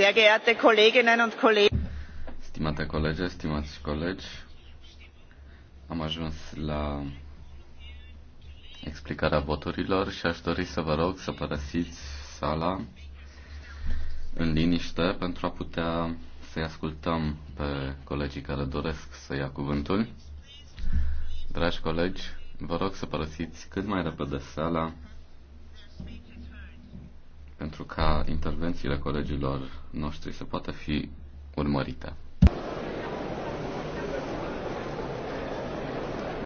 Sehr geehrte Kolleginnen und Kollegen. Stimate colege, stimați colegi, am ajuns la explicarea voturilor și aș dori să vă rog să părăsiți sala în liniște pentru a putea să-i ascultăm pe colegii care doresc să ia cuvântul. Dragi colegi, vă rog să părăsiți cât mai repede sala pentru ca intervențiile colegilor noștri să poată fi urmărite.